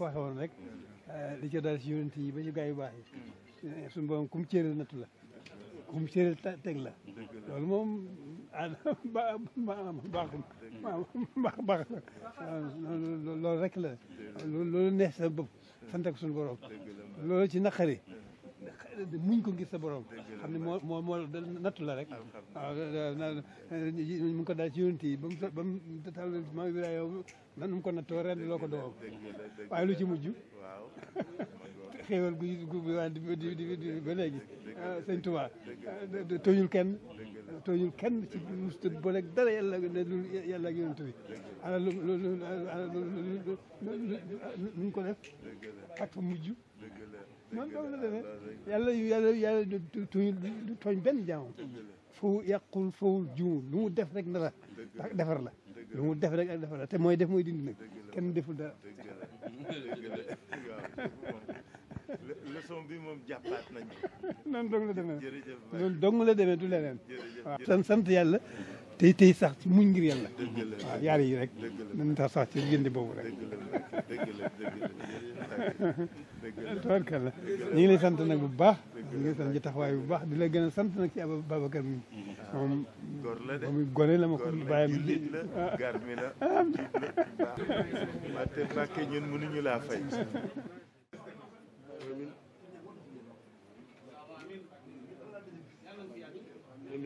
ko waxee woon rek eh, li ci daal si yonent yi ba ci gaa yu baax yi suñu borom kum cëral nattu la kum cëral teg la loolu moom ah, ba baax baax baax loolu rek la loolu neex sa bopp sant ak suñu borom loolu ci naqari muñ ko ngir sa borom xam ne moo moo moo nattu la rek waaw ko daal ci yonent ba mu ba mu tal ma wila yow nan mu ko nattoo ren loo ko doom waaye lu ci mujj xéewal gu gu ba léegi Euh, sëñ Touba euh, tooñul kenn tooñul kenn ci musta booleeg dara yàlla ne dul yàlla ak yonent bi ana lu lu ñu ko def ak fa mujj noonu loolu la tooñ benn jaamam fawul yàqul fawul juumul lu mu def rek dara defar la lu mu def rek ak defar la te mooy def mooy dindi nag kenn deful dara leçon bi moom jàppaat nañu. noonu dong la deme jërëjëf loolu la demee du leneen. waaw sant sant yàlla tey tey sax ci muñ ngir yàlla. waaw yaar yi rek. nañ tax sax ci diggante boobu rek. tabarkalla ñu ngi lay sant nag bu baax. ñu ngi lay taxawaay bu baax di la gën a sant nag ci Ababacar mi. moom moom gone la ma ko bàyyam gar mi la. Ah. te Mbàkke ñun mënuñu laa fay.